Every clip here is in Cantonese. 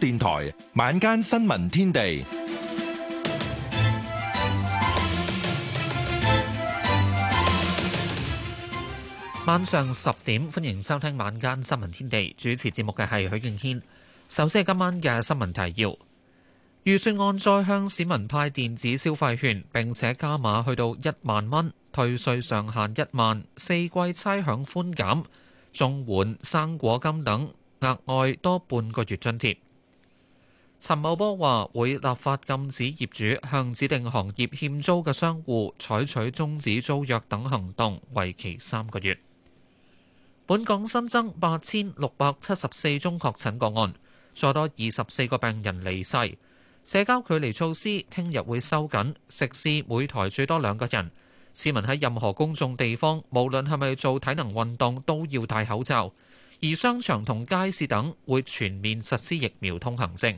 電台晚，晚間新聞天地，晚上十點歡迎收聽晚間新聞天地，主持節目嘅係許敬軒。首先係今晚嘅新聞提要：預算案再向市民派電子消費券，並且加碼去到一萬蚊；退稅上限一萬，四季差餉寬減，綜援生果金等額外多半個月津貼。陳茂波話會立法禁止業主向指定行業欠租嘅商戶採取終止租約等行動，為期三個月。本港新增八千六百七十四宗確診個案，再多二十四個病人離世。社交距離措施聽日會收緊，食肆每台最多兩個人。市民喺任何公眾地方，無論係咪做體能運動，都要戴口罩。而商場同街市等會全面實施疫苗通行證。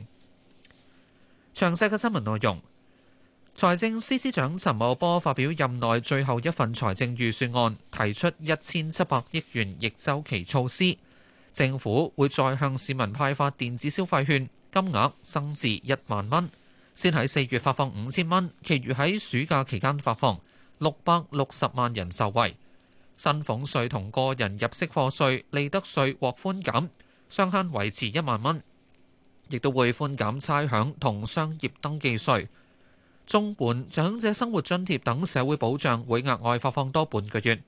詳細嘅新聞內容，財政司司長陳茂波發表任內最後一份財政預算案，提出一千七百億元逆周期措施，政府會再向市民派發電子消費券，金額增至一萬蚊，先喺四月發放五千蚊，其餘喺暑假期間發放，六百六十萬人受惠。薪俸稅同個人入息課稅、利得稅獲寬減，上限維持一萬蚊。亦都會寬減差餉同商業登記稅，綜援長者生活津貼等社會保障會額外發放多半個月。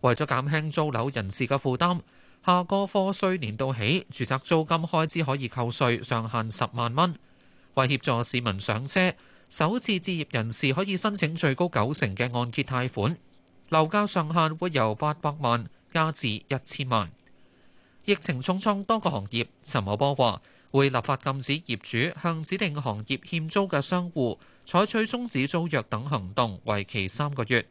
為咗減輕租樓人士嘅負擔，下個課稅年度起，住宅租金開支可以扣稅，上限十萬蚊。為協助市民上車，首次置業人士可以申請最高九成嘅按揭貸款，樓價上限會由八百萬加至一千萬。疫情重創多個行業，陳茂波話。會立法禁止業主向指定行業欠租嘅商戶採取終止租約等行動，為期三個月。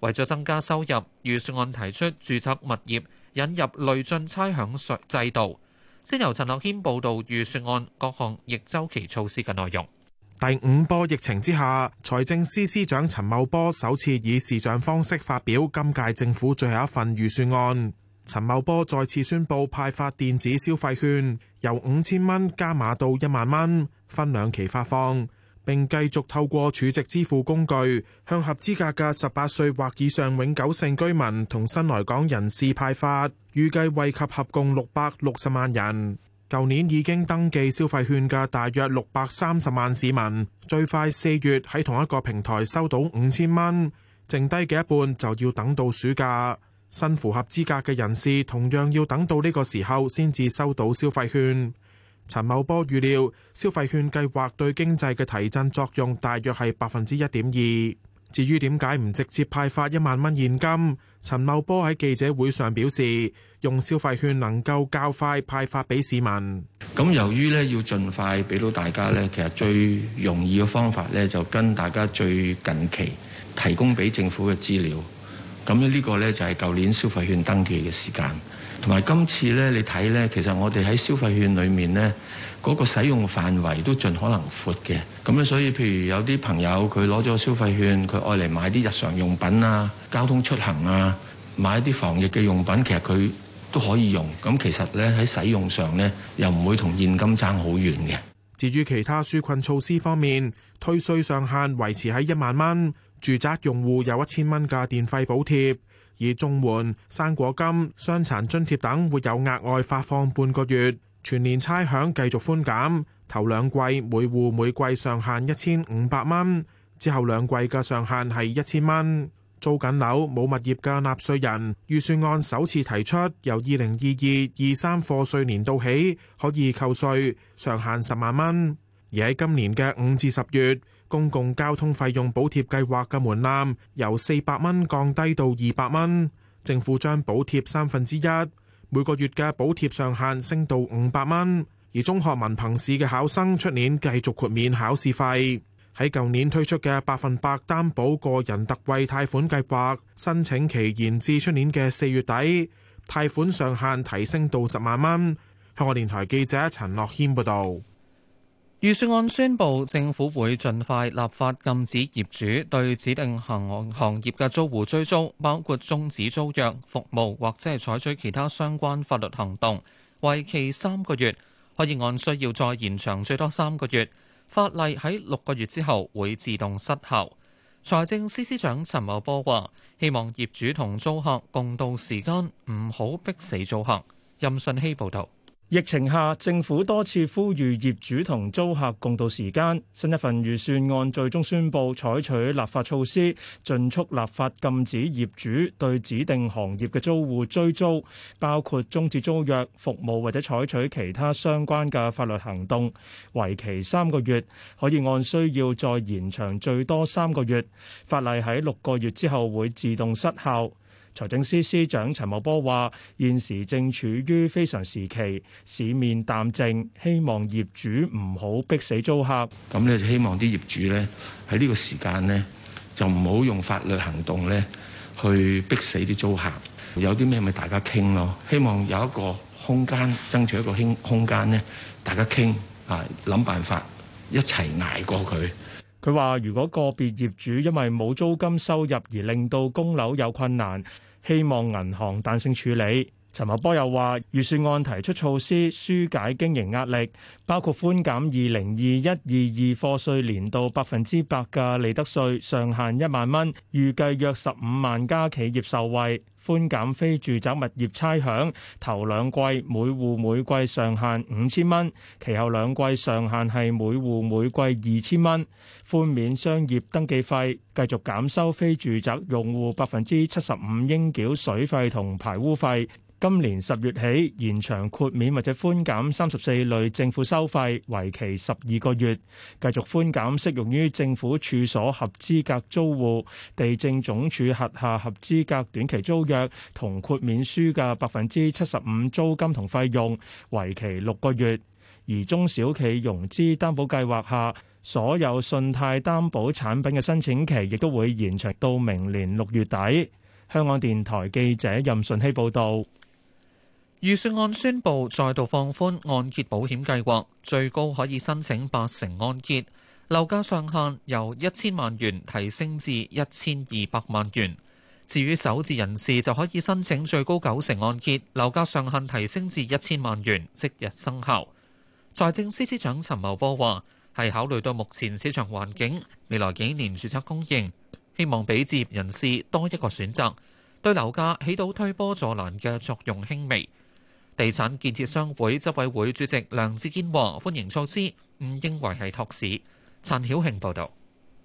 為咗增加收入，預算案提出註冊物業，引入累進差餉稅制度。先由陳樂軒報道預算案各項逆周期措施嘅內容。第五波疫情之下，財政司司長陳茂波首次以視像方式發表今屆政府最後一份預算案。陳茂波再次宣佈派發電子消費券，由五千蚊加碼到一萬蚊，分兩期發放，並繼續透過儲值支付工具向合資格嘅十八歲或以上永久性居民同新來港人士派發，預計惠及合共六百六十萬人。舊年已經登記消費券嘅大約六百三十萬市民，最快四月喺同一個平台收到五千蚊，剩低嘅一半就要等到暑假。新符合資格嘅人士同樣要等到呢個時候先至收到消費券。陳茂波預料消費券計劃對經濟嘅提振作用大約係百分之一點二。至於點解唔直接派發一萬蚊現金，陳茂波喺記者會上表示，用消費券能夠較快派發俾市民。咁由於呢要盡快俾到大家呢，其實最容易嘅方法呢，就跟大家最近期提供俾政府嘅資料。咁呢個呢，就係舊年消費券登記嘅時間，同埋今次呢，你睇呢，其實我哋喺消費券裏面呢，嗰個使用範圍都盡可能闊嘅。咁呢所以譬如有啲朋友佢攞咗消費券，佢愛嚟買啲日常用品啊、交通出行啊、買啲防疫嘅用品，其實佢都可以用。咁其實呢，喺使用上呢，又唔會同現金差好遠嘅。至於其他紓困措施方面，退稅上限維持喺一萬蚊。住宅用戶有一千蚊嘅電費補貼，以綜援、生果金、傷殘津貼等會有額外發放半個月，全年差餉繼續寬減，頭兩季每戶每季上限一千五百蚊，之後兩季嘅上限係一千蚊。租緊樓冇物業嘅納稅人，預算案首次提出由二零二二二三課稅年度起可以扣稅，上限十萬蚊，而喺今年嘅五至十月。公共交通費用補貼計劃嘅門檻由四百蚊降低到二百蚊，政府將補貼三分之一，3，每個月嘅補貼上限升到五百蚊。而中學文憑試嘅考生出年繼續豁免考試費。喺舊年推出嘅百分百擔保個人特惠貸款計劃，申請期延至出年嘅四月底，貸款上限提升到十萬蚊。香港電台記者陳樂軒報導。預算案宣布，政府會盡快立法禁止業主對指定行行業嘅租戶追租，包括終止租約服務或者係採取其他相關法律行動，為期三個月，可以按需要再延長最多三個月。法例喺六個月之後會自動失效。財政司司長陳茂波話：希望業主同租客共度時間，唔好逼死租客。任信希報道。疫情下，政府多次呼籲業主同租客共度時間，新一份預算案最終宣布採取立法措施，盡速立法禁止業主對指定行業嘅租戶追租，包括終止租約服務或者採取其他相關嘅法律行動，為期三個月，可以按需要再延長最多三個月。法例喺六個月之後會自動失效。財政司司長陳茂波話：現時正處於非常時期，市面淡靜，希望業主唔好逼死租客。咁咧，希望啲業主咧喺呢個時間咧，就唔好用法律行動咧去逼死啲租客。有啲咩咪大家傾咯，希望有一個空間，爭取一個空空間咧，大家傾啊，諗辦法一齊捱過佢。佢話：如果個別業主因為冇租金收入而令到供樓有困難，希望銀行彈性處理。陳茂波又話：預算案提出措施，疏解經營壓力，包括寬減二零二一二二課稅年度百分之百嘅利得稅上限一萬蚊，預計約十五萬家企業受惠；寬減非住宅物業差餉，頭兩季每戶每季上限五千蚊，其後兩季上限係每戶每季二千蚊；寬免商業登記費，繼續減收非住宅用戶百分之七十五應繳水費同排污費。今年十月起，延長豁免或者寬減三十四類政府收費，為期十二個月。繼續寬減適用於政府處所合資格租戶、地政總署轄下合資格短期租約同豁免書嘅百分之七十五租金同費用，為期六個月。而中小企融資擔保計劃下，所有信貸擔保產品嘅申請期亦都會延長到明年六月底。香港電台記者任順希報道。預算案宣布再度放寬按揭保險計劃，最高可以申請八成按揭，樓價上限由一千萬元提升至一千二百萬元。至於首置人士就可以申請最高九成按揭，樓價上限提升至一千萬元，即日生效。財政司司長陳茂波話，係考慮到目前市場環境，未來幾年住宅供應，希望俾置業人士多一個選擇，對樓價起到推波助瀾嘅作用輕微。地產建設商會執委會主席梁志堅話：歡迎措施，唔認為係托市。陳曉慶報道。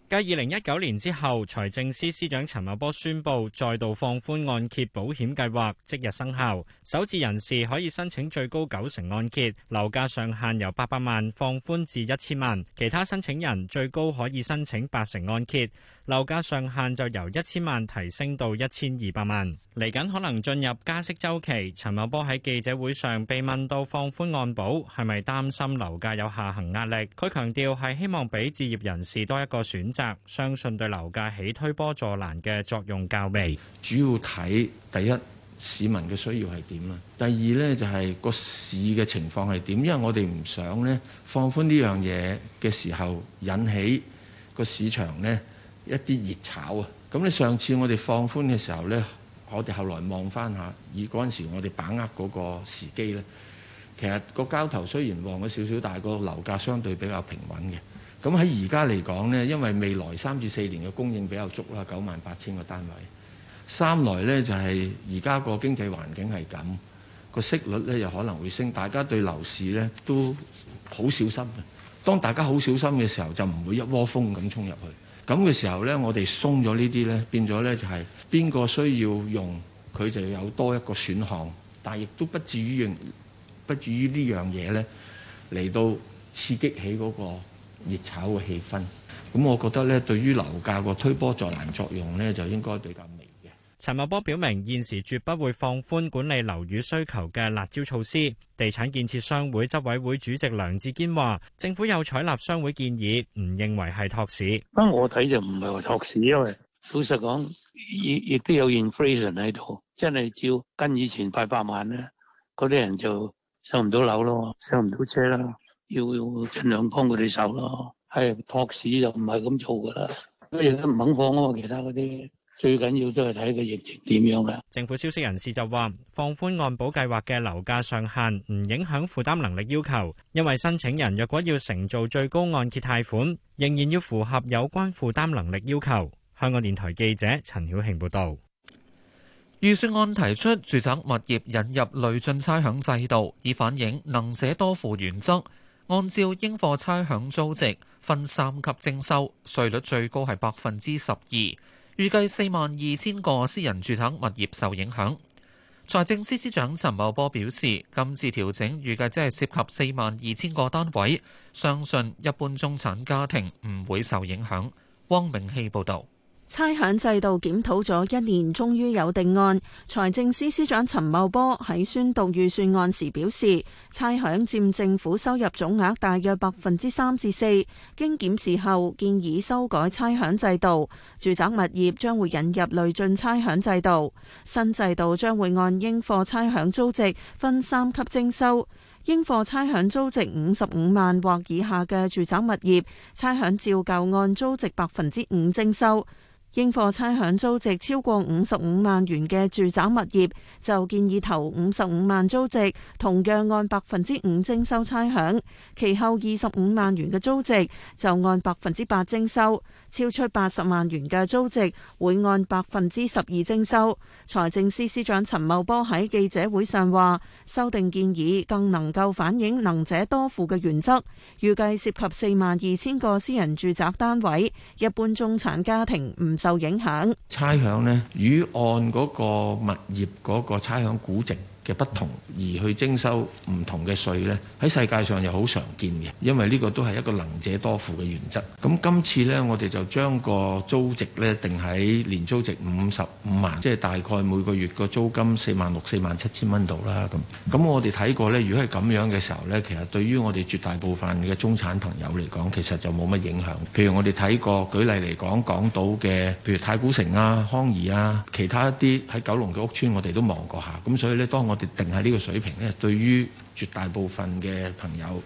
繼二零一九年之後，財政司司長陳茂波宣布再度放寬按揭保險計劃，即日生效。首次人士可以申請最高九成按揭，樓價上限由八百萬放寬至一千萬，其他申請人最高可以申請八成按揭。樓價上限就由一千萬提升到一千二百萬，嚟緊可能進入加息周期。陳茂波喺記者會上被問到放寬按保係咪擔心樓價有下行壓力，佢強調係希望俾置業人士多一個選擇，相信對樓價起推波助瀾嘅作用較微。主要睇第一市民嘅需要係點啦，第二呢，就係個市嘅情況係點，因為我哋唔想呢放寬呢樣嘢嘅時候引起個市場呢，一啲熱炒啊！咁咧，上次我哋放寬嘅時候呢，我哋後來望翻下，以嗰陣時我哋把握嗰個時機咧，其實個交投雖然旺咗少少，但係個樓價相對比較平穩嘅。咁喺而家嚟講呢，因為未來三至四年嘅供應比較足啦，九萬八千個單位。三來呢，就係而家個經濟環境係咁，個息率呢又可能會升，大家對樓市呢都好小心嘅。當大家好小心嘅時候，就唔會一窩蜂咁衝入去。咁嘅時候咧，我哋鬆咗呢啲咧，變咗咧就係邊個需要用佢就有多一個選項，但係亦都不至於用，不至於呢樣嘢咧嚟到刺激起個熱炒嘅氣氛。咁我覺得咧，對於樓價個推波助瀾作用咧，就應該比較。陳茂波表明，現時絕不會放寬管理樓宇需求嘅辣招措施。地產建設商會執委會主席梁志堅話，政府有採納商會建議，唔認為係托市。不過我睇就唔係話托市，因為老實講，亦亦都有 inflation 喺度。真係照跟以前八百萬咧，嗰啲人就上唔到樓咯，上唔到車啦，要要盡量幫佢哋手咯。係托市就唔係咁做噶啦，乜嘢都唔肯放啊嘛，其他嗰啲。最緊要都係睇個疫情點樣啦。政府消息人士就話，放寬按保計劃嘅樓價上限，唔影響負擔能力要求，因為申請人若果要承造最高按揭貸款，仍然要符合有關負擔能力要求。香港電台記者陳曉慶報道，預算案提出住宅物業引入累進差餉制度，以反映能者多付原則，按照應課差餉租值分三級徵收，稅率最高係百分之十二。預計四萬二千個私人住宅物業受影響。財政司司長陳茂波表示，今次調整預計只係涉及四萬二千個單位，相信一般中產家庭唔會受影響。汪明希報導。差餉制度檢討咗一年，終於有定案。財政司司長陳茂波喺宣讀預算案時表示，差餉佔政府收入總額大約百分之三至四。經檢視後，建議修改差餉制度。住宅物業將會引入累進差餉制度。新制度將會按應課差餉租值分三級徵收。應課差餉租值五十五萬或以下嘅住宅物業，差餉照舊按租值百分之五徵收。應課差餉租值超過五十五萬元嘅住宅物業，就建議投五十五萬租值，同樣按百分之五徵收差餉；其後二十五萬元嘅租值就按百分之八徵收。超出八十萬元嘅租值會按百分之十二徵收。財政司司長陳茂波喺記者會上話：修訂建議更能夠反映能者多付嘅原則，預計涉及四萬二千個私人住宅單位，一般中產家庭唔受影響。差餉呢？與按嗰個物業嗰個差餉估值嘅不同而去徵收唔同嘅稅咧，喺世界上又好常見嘅，因為呢個都係一個能者多付嘅原則，咁今次咧，我哋就將個租值咧定喺年租值五十五萬，即係大概每個月個租金四萬六、四萬七千蚊度啦。咁咁我哋睇過咧，如果係咁樣嘅時候咧，其實對於我哋絕大部分嘅中產朋友嚟講，其實就冇乜影響，譬如我哋睇過舉例嚟講港島嘅，譬如太古城啊、康怡啊，其他一啲喺九龍嘅屋邨，我哋都望過下。咁所以咧，當我定係呢個水平咧，對於絕大部分嘅朋友、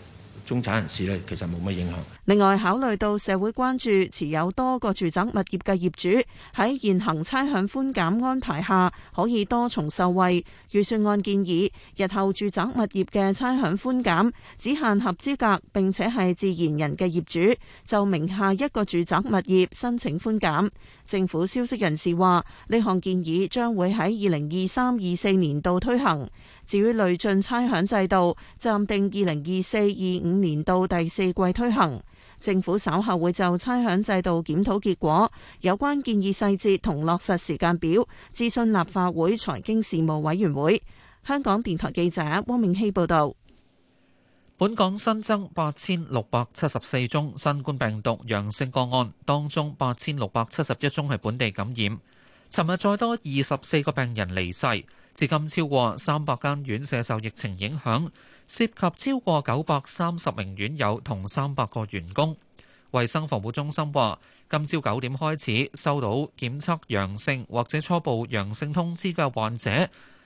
中產人士咧，其實冇乜影響。另外，考慮到社會關注，持有多個住宅物業嘅業主喺現行差餉寬減安排下可以多重受惠，預算案建議日後住宅物業嘅差餉寬減只限合資格並且係自然人嘅業主就名下一個住宅物業申請寬減。政府消息人士話呢項建議將會喺二零二三、二四年度推行。至於累進差餉制度，暫定二零二四、二五年度第四季推行。政府稍後會就差餉制度檢討結果、有關建議細節同落實時間表諮詢立法會財經事務委員會。香港電台記者汪明熙報道。本港新增八千六百七十四宗新冠病毒陽性個案，當中八千六百七十一宗係本地感染。尋日再多二十四個病人離世，至今超過三百間院舍受疫情影響。涉及超過九百三十名院友同三百個員工。衞生防護中心話：今朝九點開始收到檢測陽性或者初步陽性通知嘅患者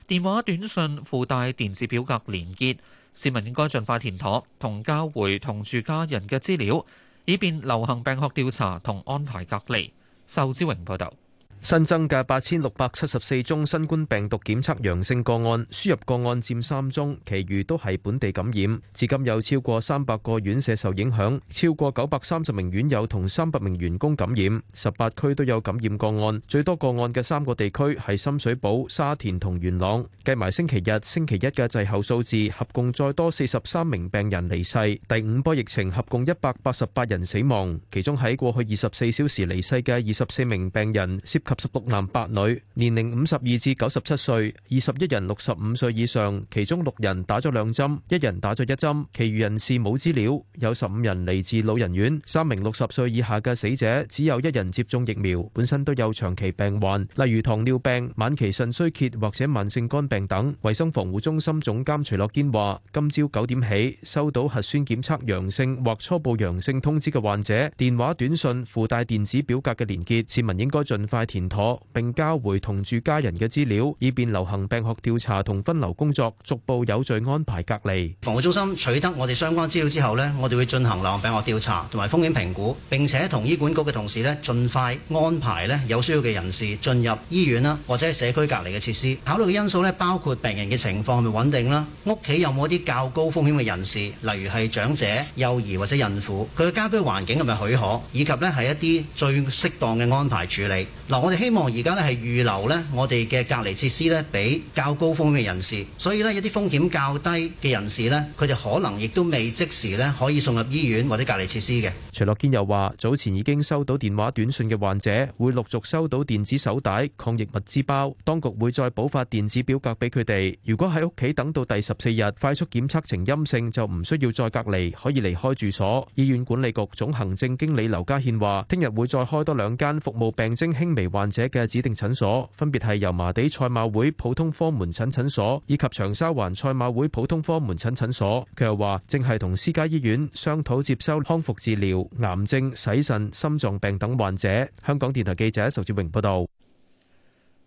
電話、短信附帶電子表格連結，市民應該盡快填妥同交回同住家人嘅資料，以便流行病學調查同安排隔離。仇之榮報道。新增嘅八千六百七十四宗新冠病毒檢測陽性個案，輸入個案佔三宗，其餘都係本地感染。至今有超過三百個院舍受影響，超過九百三十名院友同三百名員工感染。十八區都有感染個案，最多個案嘅三個地區係深水埗、沙田同元朗。計埋星期日、星期一嘅滯後數字，合共再多四十三名病人離世。第五波疫情合共一百八十八人死亡，其中喺過去二十四小時離世嘅二十四名病人涉。及十六男八女，年齡五十二至九十七歲，二十一人六十五歲以上，其中六人打咗兩針，一人打咗一針，其餘人士冇資料。有十五人嚟自老人院，三名六十歲以下嘅死者，只有一人接種疫苗，本身都有長期病患，例如糖尿病、晚期腎衰竭或者慢性肝病等。衛生防護中心總監徐樂堅話，今朝九點起，收到核酸檢測陽性或初步陽性通知嘅患者，電話、短信附帶電子表格嘅連結，市民應該盡快填妥，並交回同住家人嘅資料，以便流行病學調查同分流工作逐步有序安排隔離。防護中心取得我哋相關資料之後呢，我哋會進行流行病學調查同埋風險評估，並且同醫管局嘅同事呢盡快安排呢有需要嘅人士進入醫院啦，或者社區隔離嘅設施。考慮嘅因素呢，包括病人嘅情況係咪穩定啦，屋企有冇一啲較高風險嘅人士，例如係長者、幼兒或者孕婦，佢嘅家居環境係咪許可，以及呢，係一啲最適當嘅安排處理。我哋希望而家咧係預留咧我哋嘅隔離設施咧俾較高風險嘅人士，所以咧一啲風險較低嘅人士咧，佢哋可能亦都未即時咧可以送入醫院或者隔離設施嘅。徐樂堅又話：早前已經收到電話短信嘅患者，會陸續收到電子手帶抗疫物資包，當局會再補發電子表格俾佢哋。如果喺屋企等到第十四日快速檢測呈陰性，就唔需要再隔離，可以離開住所。醫院管理局總行政經理劉家獻話：聽日會再開多兩間服務病徵輕微患者嘅指定診所分別係油麻地賽馬會普通科門診診所以及長沙灣賽馬會普通科門診診所。佢又話正係同私家醫院商討接收康復治療、癌症、洗腎、心臟病等患者。香港電台記者仇志榮報道。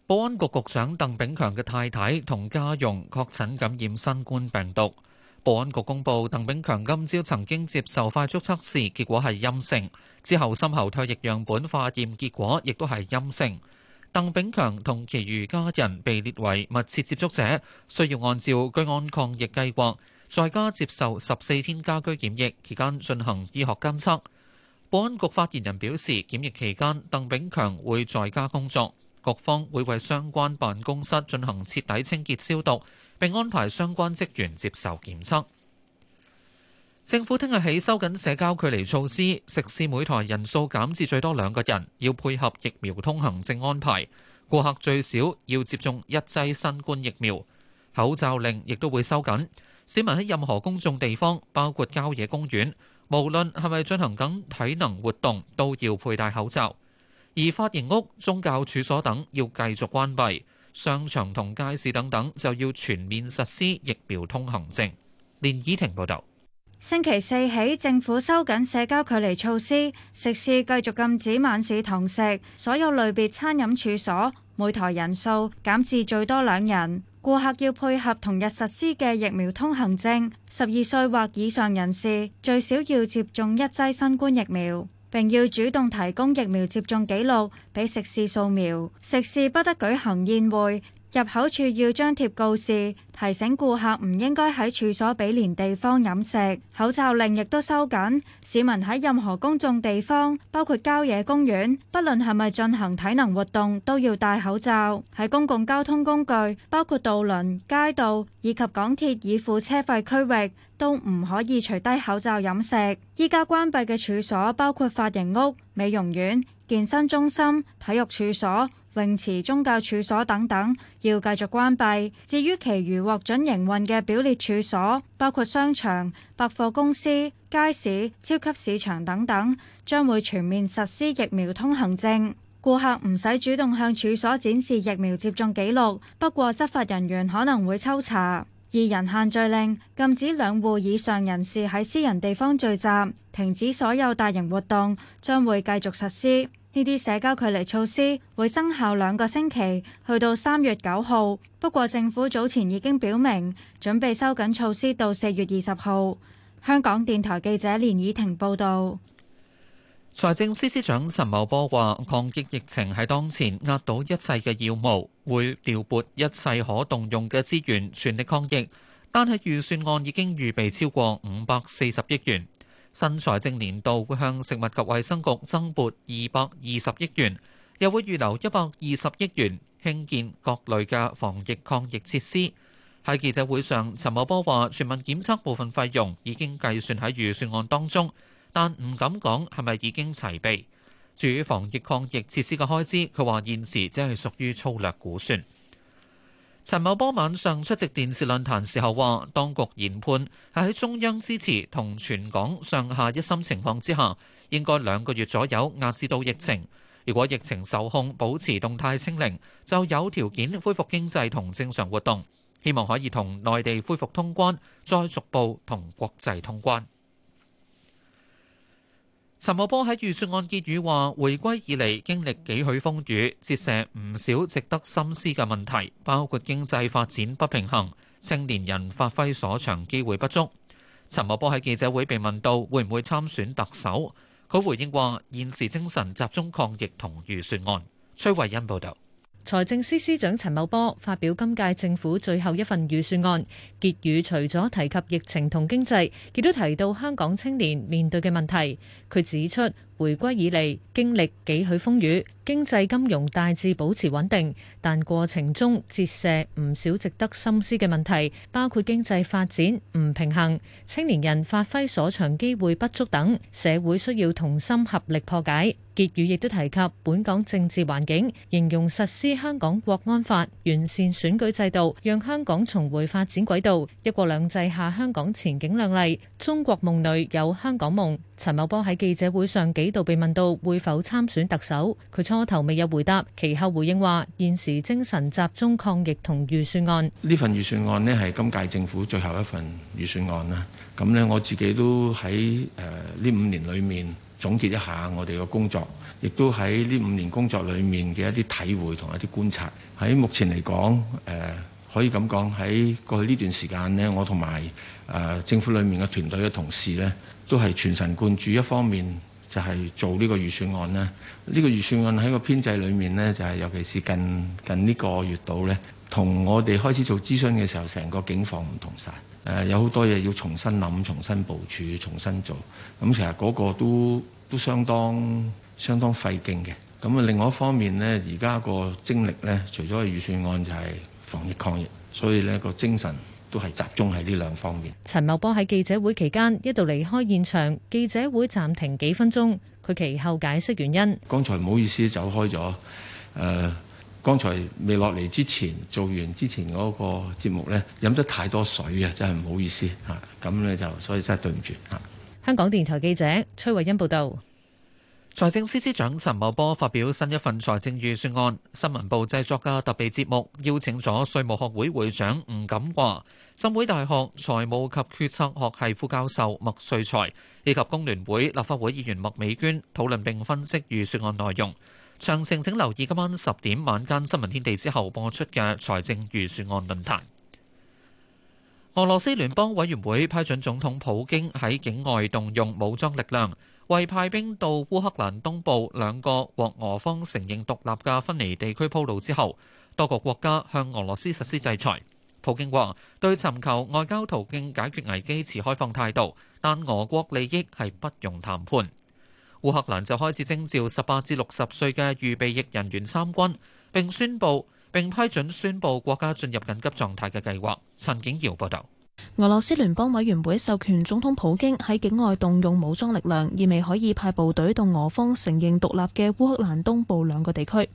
保安局局長鄧炳強嘅太太同家傭確診感染新冠病毒。保安局公布，鄧炳強今朝曾經接受快速測試，結果係陰性。之後，深喉唾液樣本化驗結果亦都係陰性。鄧炳強同其餘家人被列為密切接觸者，需要按照居安抗疫計劃在家接受十四天家居檢疫，期間進行醫學監測。保安局發言人表示，檢疫期間鄧炳強會在家工作，各方會為相關辦公室進行徹底清潔消毒，並安排相關職員接受檢測。政府聽日起收緊社交距離措施，食肆每枱人數減至最多兩個人，要配合疫苗通行證安排。顧客最少要接種一劑新冠疫苗，口罩令亦都會收緊。市民喺任何公眾地方，包括郊野公園，無論係咪進行緊體能活動，都要佩戴口罩。而髮型屋、宗教處所等要繼續關閉，商場同街市等等就要全面實施疫苗通行證。連倚婷報道。星期四起，政府收緊社交距離措施，食肆繼續禁止晚市堂食，所有類別餐飲處所每台人數減至最多兩人。顧客要配合同日實施嘅疫苗通行證，十二歲或以上人士最少要接種一劑新冠疫苗，並要主動提供疫苗接種記錄俾食肆掃描。食肆不得舉行宴會。入口處要張貼告示，提醒顧客唔應該喺處所俾連地方飲食。口罩令亦都收緊，市民喺任何公眾地方，包括郊野公園，不論係咪進行體能活動，都要戴口罩。喺公共交通工具，包括渡輪、街道以及港鐵已付車費區域，都唔可以除低口罩飲食。依家關閉嘅處所包括髮型屋、美容院、健身中心、體育處所。泳池、宗教處所等等，要繼續關閉。至於其餘獲准營運嘅表列處所，包括商場、百貨公司、街市、超級市場等等，將會全面實施疫苗通行證。顧客唔使主動向處所展示疫苗接種記錄，不過執法人員可能會抽查。二人限聚令禁止兩戶以上人士喺私人地方聚集，停止所有大型活動，將會繼續實施。呢啲社交距離措施會生效兩個星期，去到三月九號。不過政府早前已經表明，準備收緊措施到四月二十號。香港電台記者連以婷報道。財政司司長陳茂波話，抗疫疫情喺當前壓倒一切嘅要務，會調撥一切可動用嘅資源，全力抗疫。但係預算案已經預備超過五百四十億元。新財政年度會向食物及衛生局增撥二百二十億元，又會預留一百二十億元興建各類嘅防疫抗疫設施。喺記者會上，陳茂波話，全民檢測部分費用已經計算喺預算案當中，但唔敢講係咪已經齊備。至於防疫抗疫設施嘅開支，佢話現時只係屬於粗略估算。陳茂波晚上出席電視論壇時候話，當局研判係喺中央支持同全港上下一心情況之下，應該兩個月左右壓制到疫情。如果疫情受控，保持動態清零，就有條件恢復經濟同正常活動，希望可以同內地恢復通關，再逐步同國際通關。陳茂波喺預算案結語話：回歸以嚟經歷幾許風雨，折射唔少值得深思嘅問題，包括經濟發展不平衡、青年人發揮所長機會不足。陳茂波喺記者會被問到會唔會參選特首，佢回應話：現時精神集中抗疫同預算案。崔慧欣報道。財政司司長陳茂波發表今屆政府最後一份預算案，結語除咗提及疫情同經濟，亦都提到香港青年面對嘅問題。佢指出，回歸以嚟經歷幾許風雨，經濟金融大致保持穩定，但過程中折射唔少值得深思嘅問題，包括經濟發展唔平衡、青年人發揮所長機會不足等，社會需要同心合力破解。結語亦都提及本港政治環境，形容實施香港國安法、完善選舉制度，讓香港重回發展軌道。一國兩制下香港前景亮麗，中國夢裏有香港夢。陳茂波喺記者會上幾度被問到會否參選特首，佢初頭未有回答，其後回應話現時精神集中抗疫同預算案。呢份預算案呢，係今屆政府最後一份預算案啦。咁呢，我自己都喺誒呢五年裏面。總結一下我哋嘅工作，亦都喺呢五年工作裏面嘅一啲體會同一啲觀察。喺目前嚟講，誒、呃、可以咁講，喺過去呢段時間呢，我同埋誒政府裏面嘅團隊嘅同事咧，都係全神貫注一方面。就係做呢個預算案咧，呢、呢個預算案喺個編制裏面呢，就係尤其是近近呢個月度呢，同我哋開始做諮詢嘅時候，成個境況唔同晒。誒，有好多嘢要重新諗、重新部署、重新做。咁其實嗰個都都相當相當費勁嘅。咁啊，另外一方面呢，而家個精力呢，除咗係預算案就係防疫抗疫，所以呢個精神。都係集中喺呢兩方面。陳茂波喺記者會期間一度離開現場，記者會暫停幾分鐘。佢其後解釋原因：剛才唔好意思走開咗。誒、呃，剛才未落嚟之前做完之前嗰個節目呢，飲得太多水啊，真係唔好意思嚇。咁、啊、呢就所以真係對唔住嚇。啊、香港電台記者崔慧欣報道。財政司司長陳茂波發表新一份財政預算案。新聞部製作家特別節目邀請咗稅務學會會長吳錦華、浸會大學財務及決策學系副教授麥瑞才，以及工聯會立法會議員麥美娟討論並分析預算案內容。詳情請留意今晚十點晚間新聞天地之後播出嘅財政預算案論壇。俄羅斯聯邦委員會批准總統普京喺境外動用武裝力量。為派兵到烏克蘭東部兩個獲俄方承認獨立嘅分離地區鋪路之後，多個國家向俄羅斯實施制裁。普京話：對尋求外交途徑解決危機持開放態度，但俄國利益係不容談判。烏克蘭就開始徵召十八至六十歲嘅預備役人員參軍，並宣布並批准宣布國家進入緊急狀態嘅計劃。陳景耀報道。俄羅斯聯邦委員會授權總統普京喺境外動用武裝力量，意味可以派部隊到俄方承認獨立嘅烏克蘭東部兩個地區。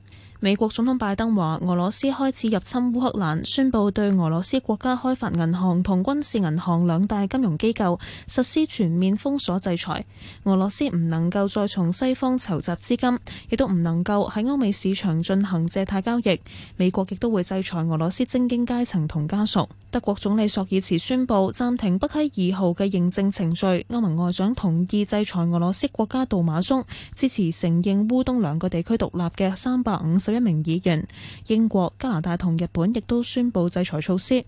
美國總統拜登話俄羅斯開始入侵烏克蘭，宣佈對俄羅斯國家開發銀行同軍事銀行兩大金融機構實施全面封鎖制裁。俄羅斯唔能夠再從西方籌集資金，亦都唔能夠喺歐美市場進行借貸交易。美國亦都會制裁俄羅斯精英階層同家屬。德國總理索爾茨宣布暫停北溪二號嘅認證程序。歐盟外長同意制裁俄羅斯國家杜馬中支持承認烏東兩個地區獨立嘅三百五十。一名議員，英國、加拿大同日本亦都宣布制裁措施。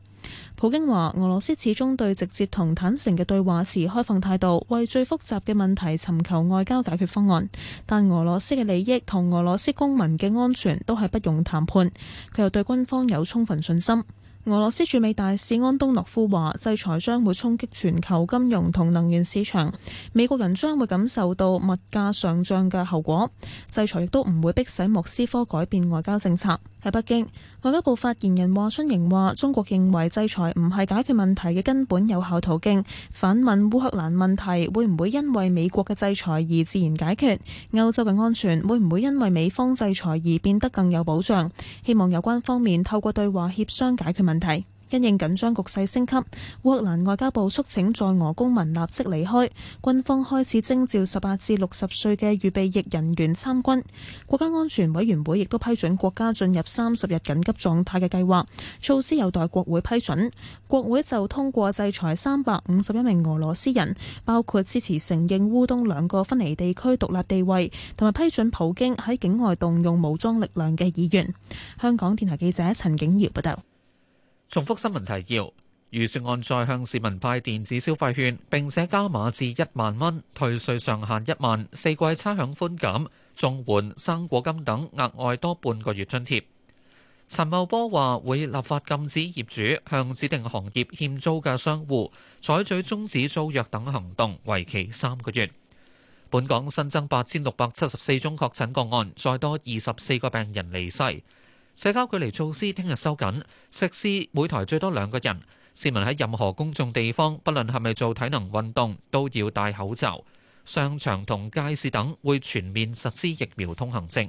普京話：俄羅斯始終對直接同坦誠嘅對話持開放態度，為最複雜嘅問題尋求外交解決方案。但俄羅斯嘅利益同俄羅斯公民嘅安全都係不容談判。佢又對軍方有充分信心。俄羅斯駐美大使安東諾夫話：制裁將會衝擊全球金融同能源市場，美國人將會感受到物價上漲嘅後果。制裁亦都唔會逼使莫斯科改變外交政策。喺北京，外交部發言人華春瑩話：中國認為制裁唔係解決問題嘅根本有效途徑，反問烏克蘭問題會唔會因為美國嘅制裁而自然解決？歐洲嘅安全會唔會因為美方制裁而變得更有保障？希望有關方面透過對話協商解決問題。因應緊張局勢升級，烏克蘭外交部促請在俄公民立即離開，軍方開始徵召十八至六十歲嘅預備役人員參軍。國家安全委員會亦都批准國家進入三十日緊急狀態嘅計劃，措施有待國會批准。國會就通過制裁三百五十一名俄羅斯人，包括支持承認烏東兩個分離地區獨立地位，同埋批准普京喺境外動用武裝力量嘅議員。香港電台記者陳景堯報道。重複新聞提要：預算案再向市民派電子消費券，並且加碼至一萬蚊；退稅上限一萬；四季差餉寬減；綜援生果金等額外多半個月津貼。陳茂波話會立法禁止業主向指定行業欠租嘅商戶採取終止租約等行動，為期三個月。本港新增八千六百七十四宗確診個案，再多二十四個病人離世。社交距離措施聽日收緊，食肆每台最多兩個人。市民喺任何公眾地方，不論係咪做體能運動，都要戴口罩。商場同街市等會全面實施疫苗通行證。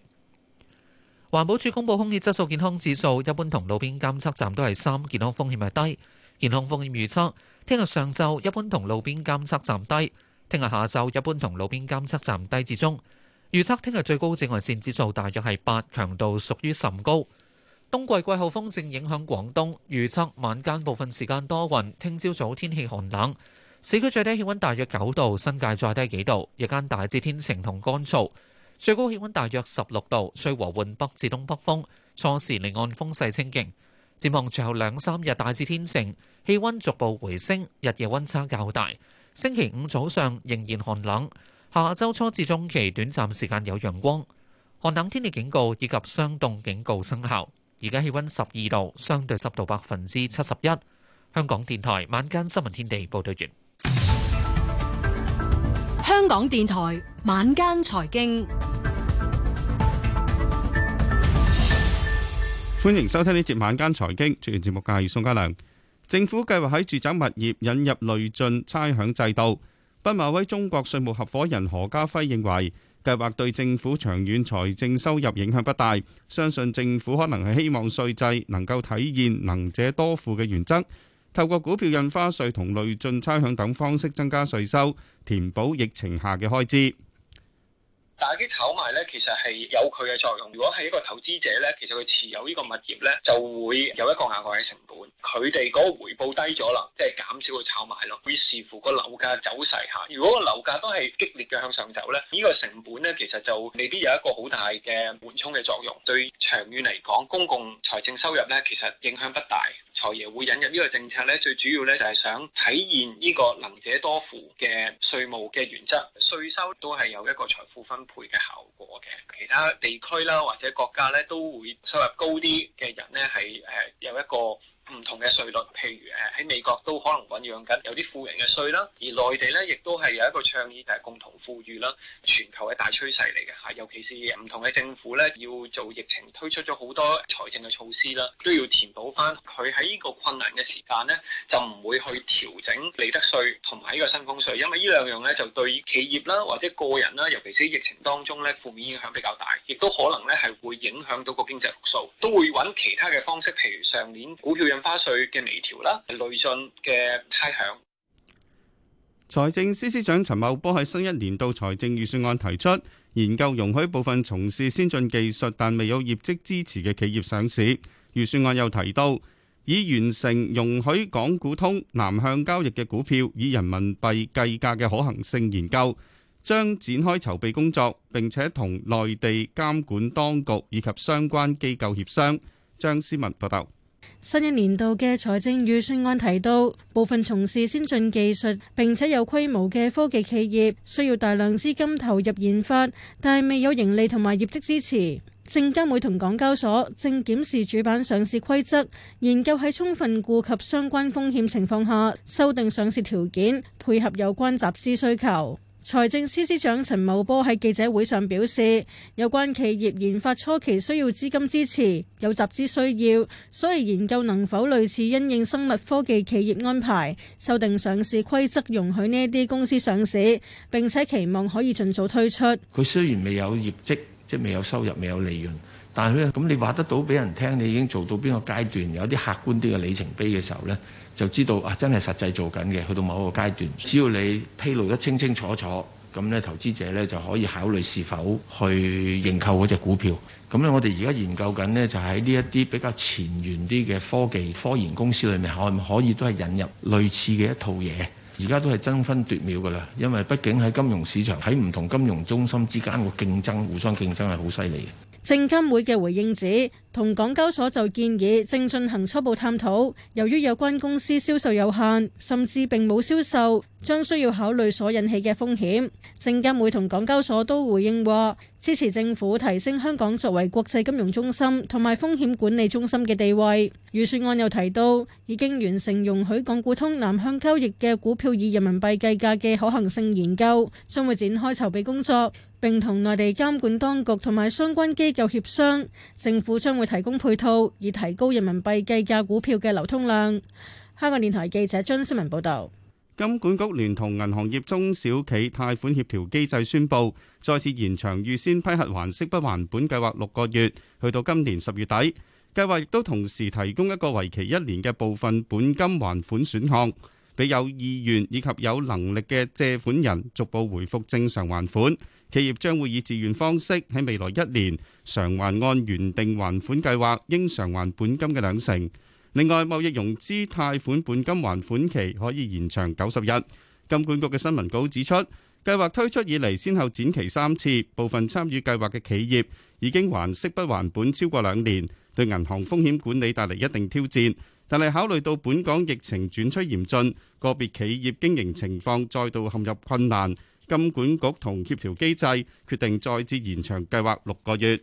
環保署公布空氣質素健康指數，一般同路邊監測站都係三，健康風險係低。健康風險預測：聽日上晝一般同路邊監測站低，聽日下晝一般同路邊監測站低至中。預測聽日最高紫外線指數大約係八，強度屬於甚高。冬季季候風正影響廣東，預測晚間部分時間多雲，聽朝早，早天氣寒冷，市區最低氣溫大約九度，新界再低幾度。日間大致天晴同乾燥，最高氣溫大約十六度，吹和緩北至東北風，初時離岸風勢清勁。展望最後兩三日大致天晴，氣溫逐步回升，日夜溫差較大。星期五早上仍然寒冷，下週初至中期短暫時間有陽光，寒冷天氣警告以及霜凍警告生效。而家氣溫十二度，相對濕度百分之七十一。香港電台晚間新聞天地報道完。香港電台晚間財經，歡迎收聽呢節晚間財經。主持節目嘅係宋家良。政府計劃喺住宅物業引入累進差餉制度。畢馬威中國稅務合夥人何家輝認為，計劃對政府長遠財政收入影響不大，相信政府可能係希望稅制能夠體現能者多付嘅原則，透過股票印花稅同累進差餉等方式增加稅收，填補疫情下嘅開支。打擊炒賣咧，其實係有佢嘅作用。如果係一個投資者咧，其實佢持有呢個物業咧，就會有一個額外嘅成本。佢哋嗰個回報低咗啦，即係減少佢炒賣咯。會視乎個樓價走勢嚇。如果個樓價都係激烈嘅向上走咧，呢個成本咧，其實就未必有一個好大嘅緩衝嘅作用。對長遠嚟講，公共財政收入咧，其實影響不大。財爺會引入呢個政策咧，最主要咧就係、是、想體現呢個能者多付嘅稅務嘅原則，稅收都係有一個財富分配嘅效果嘅。其他地區啦或者國家咧，都會收入高啲嘅人咧係誒有一個唔同嘅稅率，譬如誒喺美國都可能醞釀緊有啲富人嘅稅啦，而內地咧亦都係有一個倡議就係、是、共同富裕啦，全球嘅大趨勢嚟嘅吓，尤其是唔同嘅政府咧要做疫情推出咗好多財政嘅措施啦，都要填補翻。佢喺呢個困難嘅時間咧，就唔會去調整利得稅同埋呢個薪俸稅，因為呢兩樣咧就對企業啦或者個人啦，尤其是疫情當中咧負面影響比較大，亦都可能咧係會影響到個經濟復甦，都會揾其他嘅方式，譬如上年股票有印花稅嘅微調啦，累進嘅差餉。財政司司長陳茂波喺新一年度財政預算案提出，研究容許部分從事先進技術但未有業績支持嘅企業上市。預算案又提到，已完成容許港股通南向交易嘅股票以人民幣計價嘅可行性研究，將展開籌備工作，並且同內地監管當局以及相關機構協商。張思文報道。新一年度嘅財政預算案提到，部分從事先進技術並且有規模嘅科技企業需要大量資金投入研發，但係未有盈利同埋業績支持。證監會同港交所正檢視主板上市規則，研究喺充分顧及相關風險情況下，修訂上市條件，配合有關集資需求。財政司司長陳茂波喺記者會上表示，有關企業研發初期需要資金支持、有集資需要，所以研究能否類似因應生物科技企業安排，修訂上市規則，容許呢啲公司上市。並且期望可以盡早推出。佢雖然未有業績，即未有收入、未有利潤，但係咧，咁你話得到俾人聽，你已經做到邊個階段？有啲客觀啲嘅里程碑嘅時候呢，就知道啊，真係實際做緊嘅，去到某一個階段，只要你披露得清清楚楚，咁咧投資者咧就可以考慮是否去認購嗰隻股票。咁咧，我哋而家研究緊呢，就喺呢一啲比較前沿啲嘅科技、科研公司裡面，可唔可以都係引入類似嘅一套嘢？而家都係爭分奪秒㗎啦，因為畢竟喺金融市場，喺唔同金融中心之間個競爭，互相競爭係好犀利嘅。證監會嘅回應指，同港交所就建議正進行初步探討。由於有關公司銷售有限，甚至並冇銷售，將需要考慮所引起嘅風險。證監會同港交所都回應話，支持政府提升香港作為國際金融中心同埋風險管理中心嘅地位。預算案又提到，已經完成容許港股通南向交易嘅股票以人民幣計價嘅可行性研究，將會展開籌備工作。並同內地監管當局同埋相關機構協商，政府將會提供配套，以提高人民幣計價股票嘅流通量。香港電台記者張思文報道。金管局聯同銀行業中小企貸款協調機制宣布，再次延長預先批核還息不還本計劃六個月，去到今年十月底。計劃亦都同時提供一個為期一年嘅部分本金還款選項，俾有意願以及有能力嘅借款人逐步回復正常還款。企業將會以自願方式喺未來一年償還按原定還款計劃應償還本金嘅兩成。另外，貿易融資貸款本金還款期可以延長九十日。金管局嘅新聞稿指出，計劃推出以嚟先後展期三次，部分參與計劃嘅企業已經還息不還本超過兩年，對銀行風險管理帶嚟一定挑戰。但係考慮到本港疫情轉趨嚴峻，個別企業經營情況再度陷入困難。金管局同協調機制決定再次延長計劃六個月。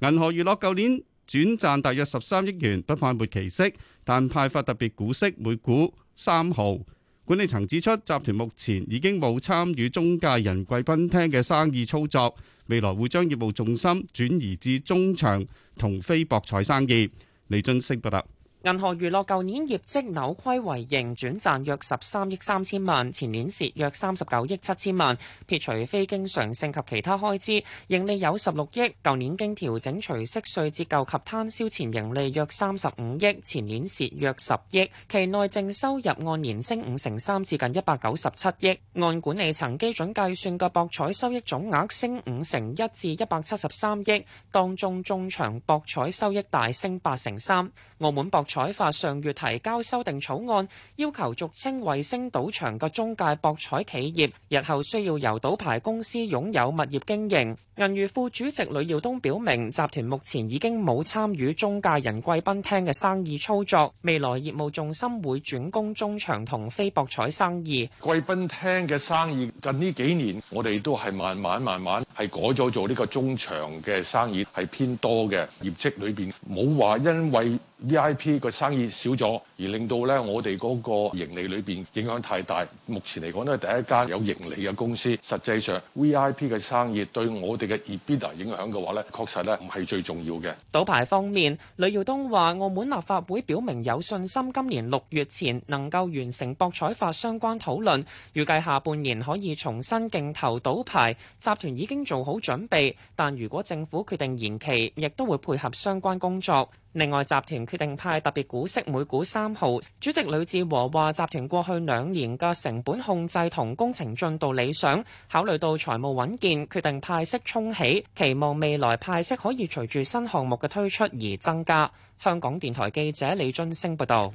銀河娛樂舊年轉賺大約十三億元，不派末期息，但派發特別股息每股三毫。管理層指出，集團目前已經冇參與中介人貴賓廳嘅生意操作，未來會將業務重心轉移至中場同非博彩生意。李津升報道。銀河娛樂舊年業績扭虧為盈，轉賺約十三億三千萬，前年蝕約三十九億七千萬。撇除非經常性及其他開支，盈利有十六億。舊年經調整除息稅折舊及攤銷前盈利約三十五億，前年蝕約十億。期內淨收入按年升五成三，至近一百九十七億。按管理層基準計算嘅博彩收益總額升五成一，至一百七十三億。當中中場博彩收益大升八成三，澳門博彩彩法上月提交修訂草案，要求俗稱衛星賭場嘅中介博彩企業，日後需要由賭牌公司擁有物業經營。銀娛副主席呂耀東表明，集團目前已經冇參與中介人貴賓廳嘅生意操作，未來業務重心會轉攻中場同非博彩生意。貴賓廳嘅生意近呢幾年，我哋都係慢慢慢慢係改咗做呢個中場嘅生意，係偏多嘅業績裏邊冇話因為。V.I.P 個生意少咗，而令到咧我哋嗰個盈利裏邊影響太大。目前嚟講都係第一間有盈利嘅公司。實際上 V.I.P 嘅生意對我哋嘅 EBITDA 影響嘅話咧，確實咧唔係最重要嘅。賭牌方面，呂耀東話，澳門立法會表明有信心今年六月前能夠完成博彩法相關討論，預計下半年可以重新競投賭牌。集團已經做好準備，但如果政府決定延期，亦都會配合相關工作。另外，集團決定派特別股息每股三毫。主席呂志和話：集團過去兩年嘅成本控制同工程進度理想，考慮到財務穩健，決定派息沖起，期望未來派息可以隨住新項目嘅推出而增加。香港電台記者李津升報道。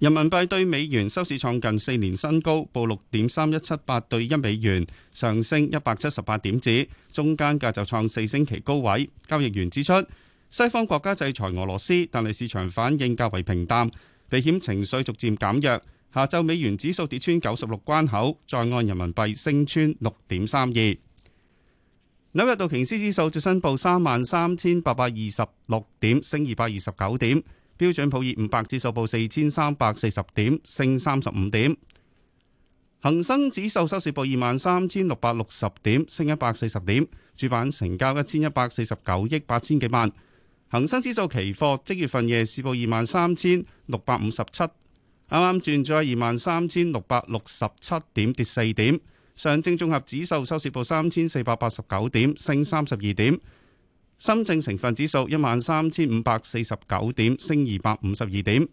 人民幣對美元收市創近四年新高，報六點三一七八對一美元，上升一百七十八點子，中間價就創四星期高位。交易員指出，西方國家制裁俄羅斯，但係市場反應較為平淡，避險情緒逐漸減弱。下晝美元指數跌穿九十六關口，在岸人民幣升穿六點三二。紐約道瓊斯指數最新報三萬三千八百二十六點，升二百二十九點。標準普爾五百指數報四千三百四十點，升三十五點。恒生指數收市報二萬三千六百六十點，升一百四十點。主板成交一千一百四十九億八千幾萬。恒生指數期貨即月份夜市報二萬三千六百五十七，啱啱轉咗二萬三千六百六十七點，跌四點。上證綜合指數收市報三千四百八十九點，升三十二點。深證成分指數一萬三千五百四十九點，升二百五十二點。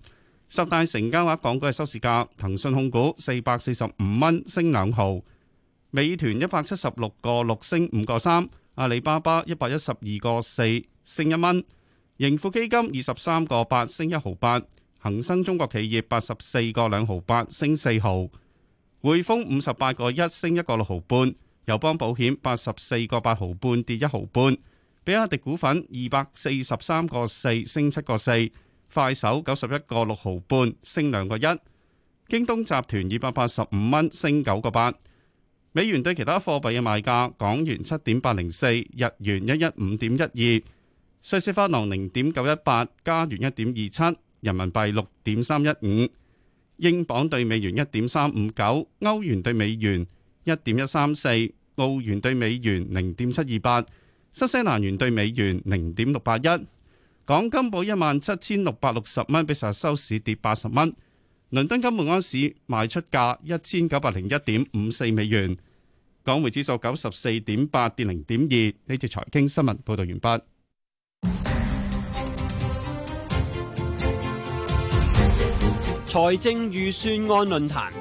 十大成交額港股嘅收市價：騰訊控股四百四十五蚊，升兩毫；美團一百七十六個六，升五個三；阿里巴巴一百一十二個四，升一蚊。盈富基金二十三個八升一毫八，恒生中國企業八十四個兩毫八升四毫，匯豐五十八個一升一個六毫半，友邦保險八十四個八毫半跌一毫半，比亞迪股份二百四十三個四升七個四，快手九十一個六毫半升兩個一，京東集團二百八十五蚊升九個八，美元對其他貨幣嘅賣價，港元七點八零四，日元一一五點一二。瑞士法郎零點九一八，加元一點二七，人民幣六點三一五，英鎊對美元一點三五九，歐元對美元一點一三四，澳元對美元零點七二八，新西蘭元對美元零點六八一。港金寶一萬七千六百六十蚊，比上日收市跌八十蚊。倫敦金每盎司賣出價一千九百零一點五四美元。港匯指數九十四點八，跌零點二。呢次財經新聞報道完畢。財政預算案論壇，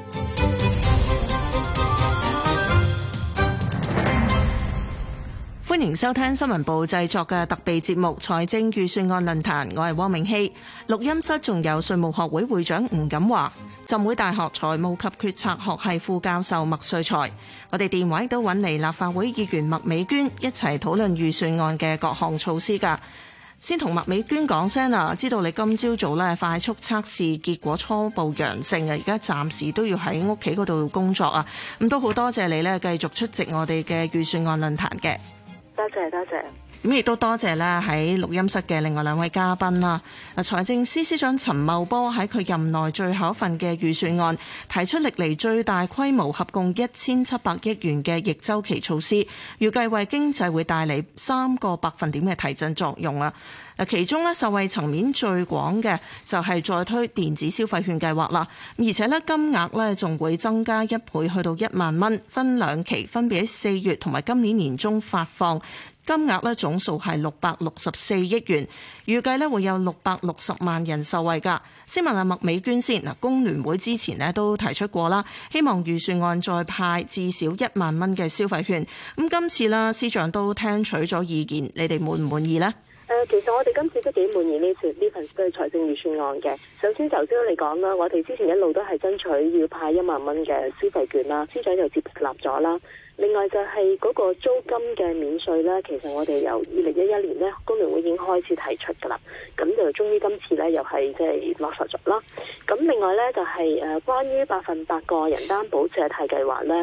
歡迎收聽新聞部製作嘅特備節目《財政預算案論壇》。我係汪明熙。錄音室仲有稅務學會會長吳錦華，浸會大學財務及決策學系副教授麥瑞才，我哋電話都揾嚟立法會議員麥美娟一齊討論預算案嘅各項措施噶。先同麥美娟講聲啊，知道你今朝早咧快速測試結果初步陽性啊，而家暫時都要喺屋企嗰度工作啊，咁都好多謝你咧繼續出席我哋嘅預算案論壇嘅，多謝多謝。謝謝咁亦都多謝呢，喺錄音室嘅另外兩位嘉賓啦。財政司司長陳茂波喺佢任內最後一份嘅預算案，提出歷嚟最大規模合共一千七百億元嘅逆周期措施，預計為經濟會帶嚟三個百分點嘅提振作用啦。嗱，其中呢，受惠層面最廣嘅就係再推電子消費券計劃啦。而且呢，金額呢仲會增加一倍，去到一萬蚊，分兩期，分別喺四月同埋今年年中發放。金額咧總數係六百六十四億元，預計咧會有六百六十萬人受惠噶。先問下麥美娟先。嗱，工聯會之前咧都提出過啦，希望預算案再派至少一萬蚊嘅消費券。咁今次啦，司長都聽取咗意見，你哋滿唔滿意呢？誒，其實我哋今次都幾滿意呢次呢份嘅財政預算案嘅。首先頭先我哋講啦，我哋之前一路都係爭取要派一萬蚊嘅消費券啦，司長又接納咗啦。另外就係嗰個租金嘅免稅咧，其實我哋由二零一一年咧，工聯會已經開始提出噶啦，咁就終於今次咧又係即係落實咗啦。咁另外咧就係、是、誒、呃、關於百分百個人擔保借貸計劃咧，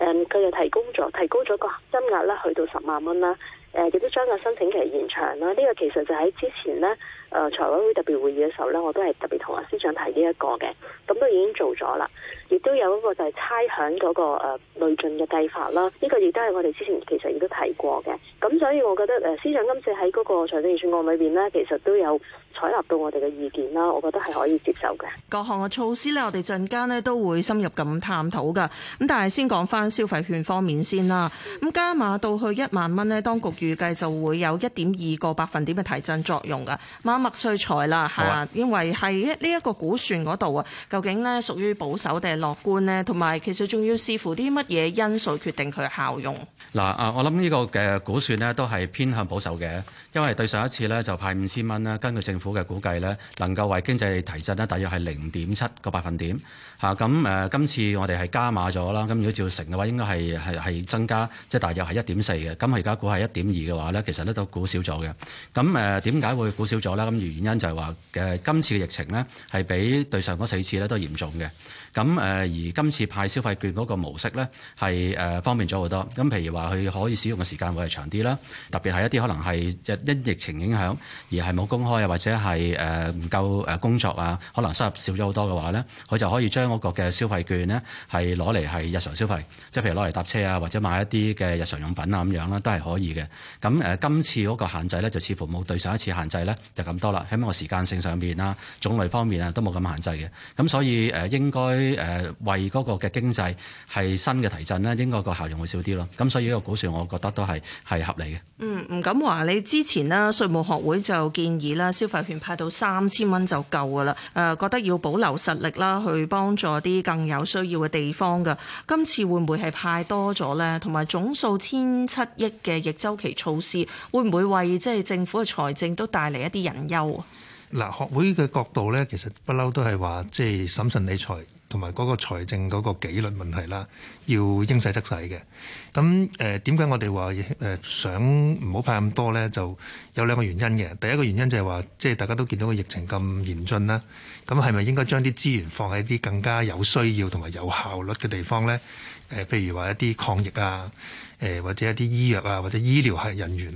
誒佢又提供咗提高咗個金額咧，去到十萬蚊啦。誒，亦都將個申請期延長啦。呢、這個其實就喺之前呢誒、呃、財委會特別會議嘅時候呢，我都係特別同阿司長提呢、這、一個嘅，咁都已經做咗啦。亦都有一個就係差餉嗰、那個誒累、呃、進嘅計法啦。呢、這個而家我哋之前其實亦都提過嘅，咁所以我覺得誒、呃、司長今次喺嗰個財政預算案裏邊呢，其實都有採納到我哋嘅意見啦。我覺得係可以接受嘅各項嘅措施呢，我哋陣間呢都會深入咁探討㗎。咁但係先講返消費券方面先啦。咁加碼到去一萬蚊呢，當局預計就會有一點二個百分點嘅提振作用㗎。嘛，麥萃才啦嚇，啊、因為喺呢一個估算嗰度啊，究竟呢屬於保守定係樂觀呢？同埋其實仲要視乎啲乜嘢因素決定佢效用嗱。啊，我諗呢個嘅估算呢都係偏向保守嘅，因為對上一次呢就派五千蚊啦，根據政府嘅估計呢，能夠為經濟提振呢，大約係零點七個百分點。嚇，咁誒，今次我哋係加碼咗啦。咁如果照成嘅話，應該係係係增加即係大約係一點四嘅。咁而家估係一點二嘅話咧，其實咧都估少咗嘅。咁誒點解會估少咗咧？咁原因就係話誒今次嘅疫情咧係比對上嗰四次咧都嚴重嘅。咁誒而今次派消費券嗰個模式咧係誒方便咗好多。咁譬如話佢可以使用嘅時間會係長啲啦。特別係一啲可能係即因疫情影響而係冇公開啊，或者係誒唔夠誒工作啊，可能收入少咗好多嘅話咧，佢就可以將嗰個嘅消費券呢，係攞嚟係日常消費，即係譬如攞嚟搭車啊，或者買一啲嘅日常用品啊咁樣啦，都係可以嘅。咁誒、呃，今次嗰個限制呢，就似乎冇對上一次限制呢，就咁多啦。喺個時間性上邊啦，種類方面啊，都冇咁限制嘅。咁所以誒、呃，應該誒、呃、為嗰個嘅經濟係新嘅提振咧，應該個效用會少啲咯。咁所以呢個估算，我覺得都係係合理嘅。嗯，吳錦華，你之前呢，稅務學會就建議啦，消費券派到三千蚊就夠㗎啦。誒、呃，覺得要保留實力啦，去幫助啲更有需要嘅地方㗎，今次會唔會係派多咗呢？同埋總數千七億嘅逆周期措施，會唔會為即係政府嘅財政都帶嚟一啲隱憂？嗱，學會嘅角度呢，其實不嬲都係話即係審慎理財。同埋嗰個財政嗰個紀律問題啦，要應使則使嘅。咁誒點解我哋話誒想唔好派咁多咧？就有兩個原因嘅。第一個原因就係話即係大家都見到個疫情咁嚴峻啦，咁係咪應該將啲資源放喺啲更加有需要同埋有效率嘅地方咧？誒、呃、譬如話一啲抗疫啊，誒、呃、或者一啲醫藥啊，或者醫療系人員。